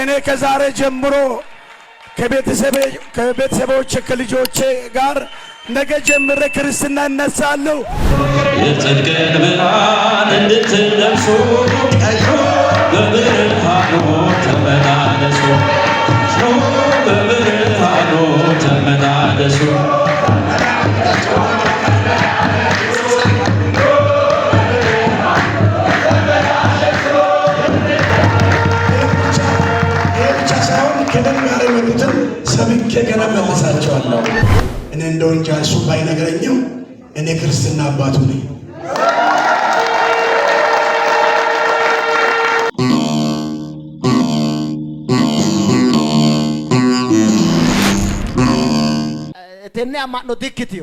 እኔ ከዛሬ ጀምሮ ከቤተሰቦች ከልጆቼ ጋር ነገ ጀምረ ክርስትና እነሳለሁ። የጽድቅን ብርሃን እንድትለብሱ ቀዩ በብርሃኑ ተመላለሱ፣ በብርሃኑ ተመላለሱ። እንደገና ገና መልሳቸዋለሁ። እኔ እንደው እንጃ እሱ ባይነግረኝም እኔ ክርስትና አባቱ ነኝ። እኔ አማኖት ይክትዩ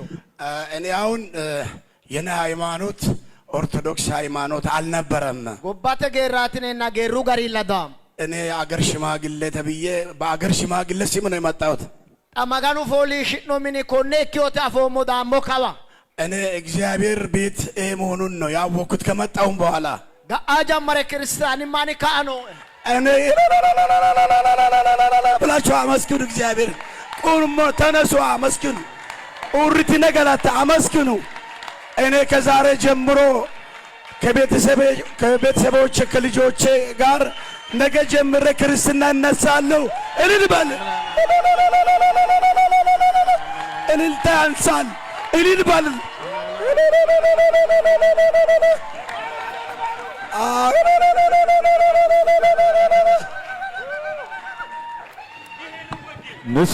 እኔ አሁን የኔ ሃይማኖት ኦርቶዶክስ ሃይማኖት አልነበረም። ጎባተ ጌራትኔና ጌሩ ጋር ይለዳም እኔ አገር ሽማግሌ ተብዬ በአገር ሽማግሌ ስም ነው የመጣሁት። maganu ፎሊሽ ኖሚኒ ኮኔኪዮት አፎሞ ዳሞ ካባ እኔ እግዚአብሔር ቤት መሆኑን ነው ያወቅኩት ከመጣሁም በኋላ ጋአ ጀመረ ክርስቲያን ማን ካኖ እኔ ብላችሁ አመስግኑ እግዚአብሔር ቁሞ ተነሱ አመስግኑ ኡርቲ ነገላታ አመስግኑ እኔ ከዛሬ ጀምሮ ከቤተሰቦቼ ከልጆቼ ጋር ነገ ጀምሬ ክርስትና እነሳለሁ እልል በል እልልታ ያንሳል። እልል በል ሙሴ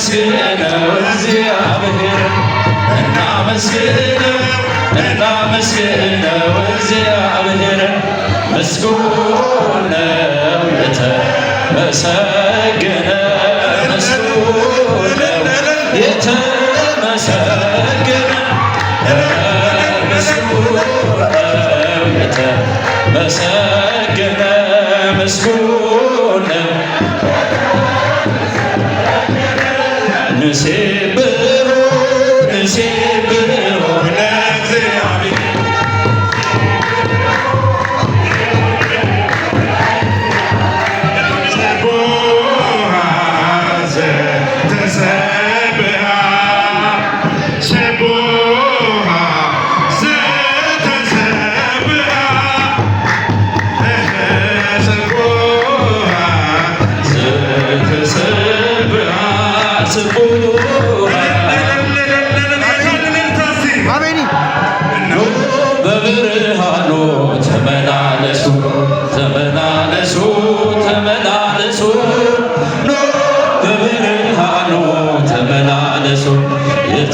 እናመስግነው እግዚአብሔርን እናመስግነው እናመስግነው እግዚአብሔርን ምስጉን ነው የተመሰገነ ምስጉን ነው የተመሰገነ ምስጉን ነው Nasip, Nasip,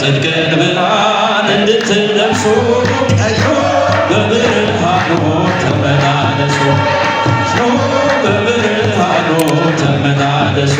ጽድቅን ብርሃን እንድትለብሱ ቀዩ በብርሃኑ ተመላለሱ ኑ በብርሃኑ ተመላለሱ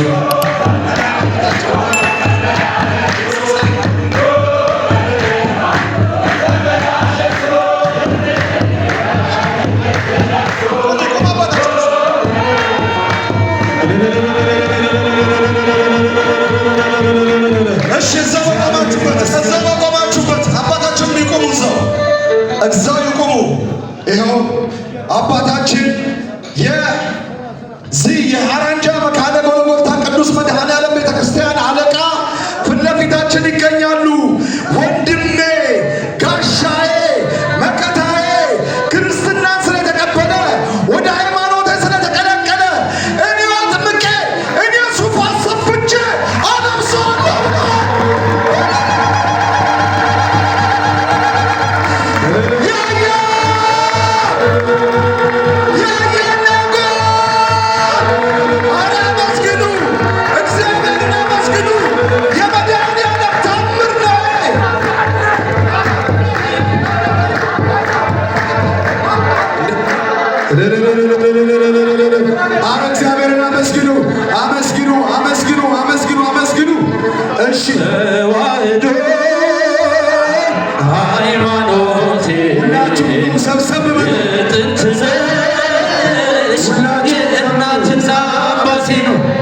ነው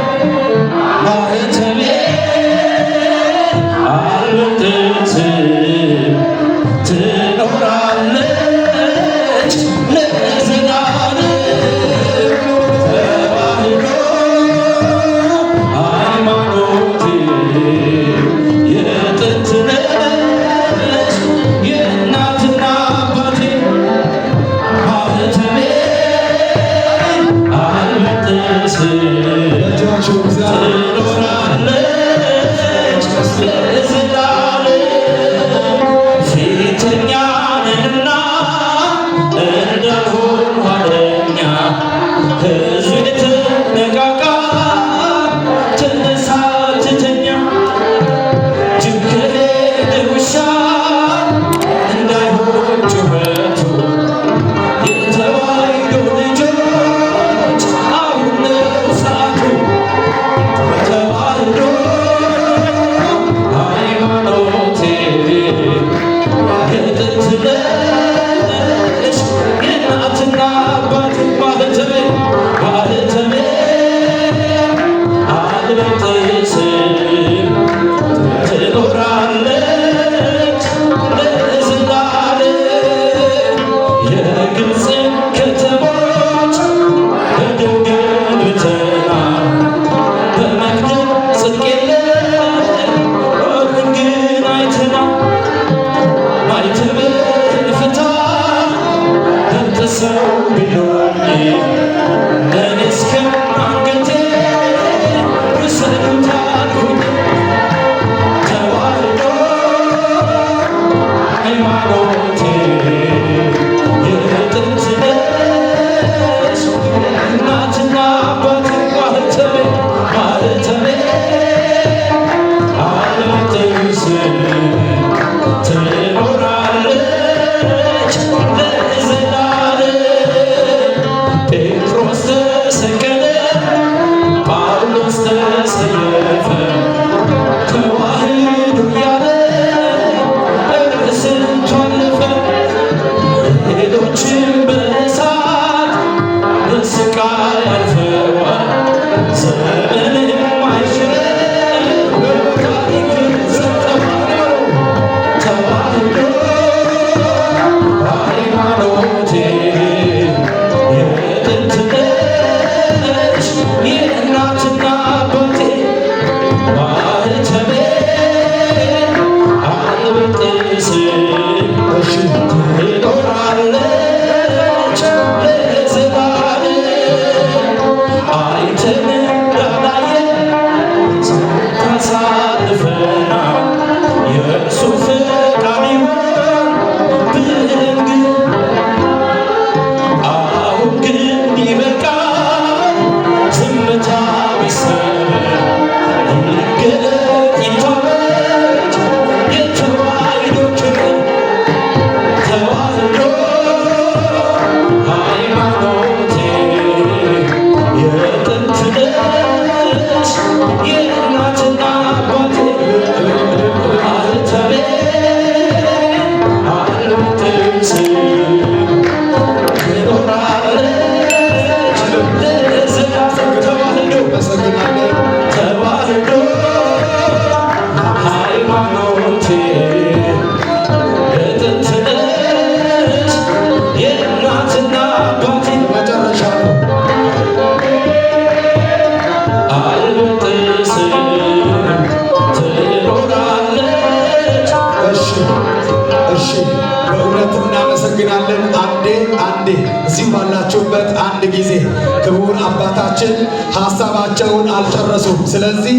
አልጨረሱም። ስለዚህ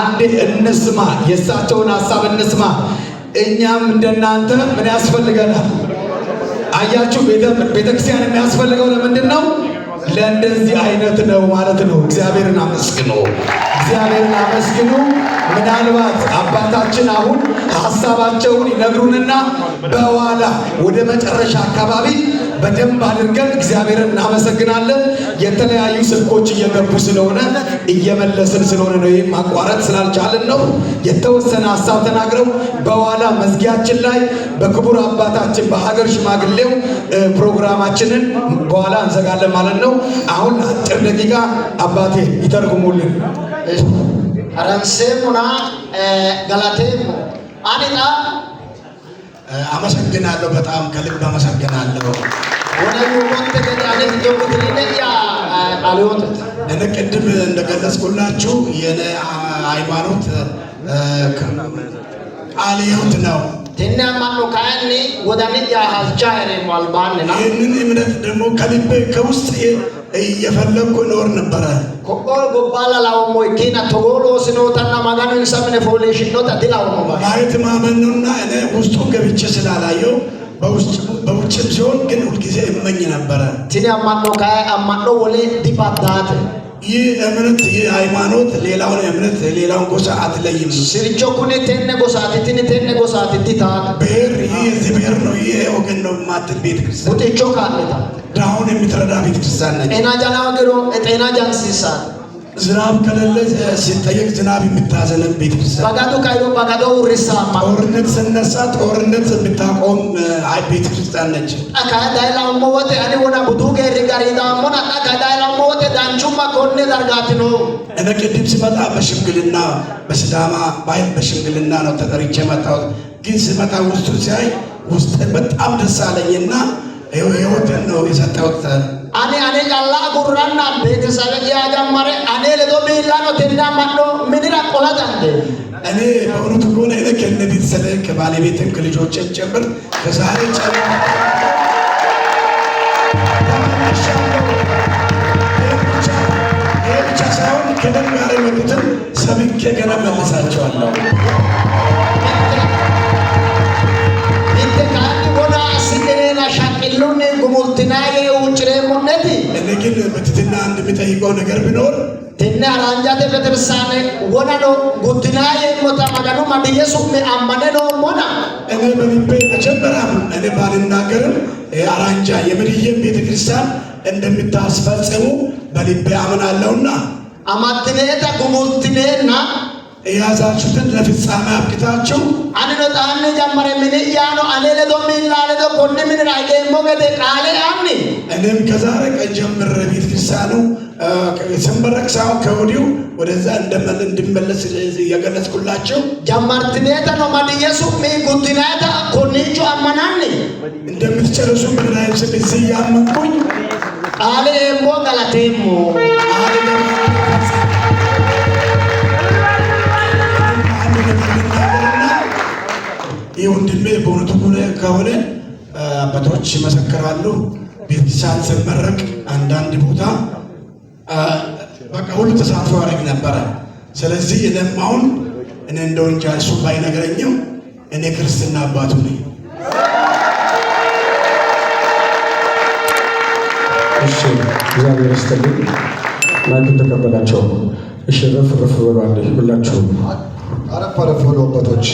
አንዴ እንስማ፣ የእሳቸውን ሀሳብ እንስማ። እኛም እንደናንተ ምን ያስፈልገናል? አያችሁ፣ ቤተክርስቲያን የሚያስፈልገው ለምንድን ነው? ለእንደዚህ አይነት ነው ማለት ነው። እግዚአብሔርን አመስግኑ፣ እግዚአብሔርን አመስግኑ። ምናልባት አባታችን አሁን ሀሳባቸውን ይነግሩንና በኋላ ወደ መጨረሻ አካባቢ በደንብ አድርገን እግዚአብሔርን እናመሰግናለን። የተለያዩ ስልኮች እየገቡ ስለሆነ እየመለስን ስለሆነ ነው። ይህም ማቋረጥ ስላልቻልን ነው። የተወሰነ ሀሳብ ተናግረው በኋላ መዝጊያችን ላይ በክቡር አባታችን በሀገር ሽማግሌው ፕሮግራማችንን በኋላ እንዘጋለን ማለት ነው። አሁን አጭር ደቂቃ አባቴ ይተርጉሙልን። ረምሴሙና ገላቴ አኔጣ አመሰግናለሁ። በጣም ከልብ አመሰግናለሁ። ቃልዎት እኔ ቅድም እንደገለጽኩላችሁ የነ ሃይማኖት ቃልዎት ነው። ይህንን እምነት ደግሞ ከልቤ ከውስጥ እየፈለግኩ እኖር ነበረ። ኮቆል ጎባላ ላውሞ ኪና ቶጎሎ ስኖታና ማጋኑ ኢንሳምነ ፎሌሽኖታ ዲላውሞ ማየት ማመን ነውና እኔ ውስጡን ገብቼ ስላላየው በውጭም ሲሆን ግን ሁልጊዜ እመኝ ነበረ። ቲኒ አማኖ ካይ አማኖ ወሌ ዲባታት ይህ እምነት ይህ ሃይማኖት ሌላውን እምነት ሌላውን ጎሳ አትለይም። ስርቾኩን ቴነ ጎሳት ትን ቴነ ጎሳት ትታ ብሔር ይህ የዚህ ብሔር ነው ይህ ወገን ነው የማትል ቤተ ክርስቲያን ውጤቾ ካለታ ድሃውን የምትረዳ ቤተ ክርስቲያን ነች። ጤና ጃና ወገሮ ጤና ጃን ሲሳ ዝናብ ከሌለ ሲጠየቅ ዝናብ የምታዘነብ ቤተ ክርስቲያን ባጋዶ ካይሮ ባጋዶ ሪሳ ጦርነት ስነሳ ጦርነት የምታቆም ቤተ ክርስቲያን ነች። አካ ዳይላሞ ወጥ አኔ ቡዱ ገሪ ጋሪ ዳሞና እንዴት አድርጋችሁ ነው? እኔ ቅድም ስመጣ በሽምግልና በስዳማ ባይል በሽምግልና ነው ተጠርቼ መጣሁት። ግን ስመጣ ውስጡ ሲያይ ውስጥ በጣም ደስ አለኝና ህይወትን ነው የሰጠሁት። አኔ አኔ ቀላ ጉራና ቤተሰብ ያጀመረ አኔ ለዶ ቢላ ነው ተንዳ ማዶ ምድር አቆላጣ እንደ እኔ በእውነቱ ከሆነ እኔ ከነ ቤተሰብ ከባለቤትም ከልጆችም ጭምር ከዛሬ ጨምር ብቻ ሳይሆን ከደም ጋር የመጡትን ሰብኬ ገና መልሳቸዋለሁ። እኔ ግን በትትና አንድ የሚጠይቀው ነገር ቢኖር ትና ራንጃቴ ቤተክርስቲያን ወነኖ ጉድናዬ ሞታ መገኑ መድየሱም አመነኖ ሞና እኔ በልቤ መጀመሪያም እኔ ባልናገርም አራንጃ የምድየም ቤተክርስቲያን እንደምታስፈጽሙ በልቤ አምናለሁና አማትኔታ ጉሙትኔና የያዛችሁትን ለፍጻሜ አብቅታችሁ አንዶጣን ጀመረ ምን እያኖ አሌለቶ ሚላለቶ ኮን ምን ራጌሞ ገቴ ቃሌ አምኒ እኔም ከዛሬ ቀን ጀምሬ ቤተ ክርስቲያኑ ስንበረክ ሳይሆን ከወዲሁ ወደዛ እንድመለስ የገለጽኩላቸው ጀመርትኔተ ነው ማድየሱ ሚጉትናተ ኮንቹ አመናኒ እንደምትጨርሱ ምን ራይም ስብ እያመንኩኝ Aliyembo Galatemo ይህ ወንድሜ በእውነቱ ከሆነ አባቶች ይመሰክራሉ። ቤተሳን ስመረቅ አንዳንድ ቦታ በቃ ሁሉ ተሳትፎ ያደርግ ነበረ። ስለዚህ ለማውን እኔ እንደው እንጃ እሱ ባይነግረኝም እኔ ክርስትና አባቱ ነኝ። እሺ፣ እግዚአብሔር ይስጥልኝ። ማይክን ተቀበላቸው። እሺ፣ ረፍ ረፍ ብሏል። ሁላችሁም አረፍ አረፍ ብሎ አባቶች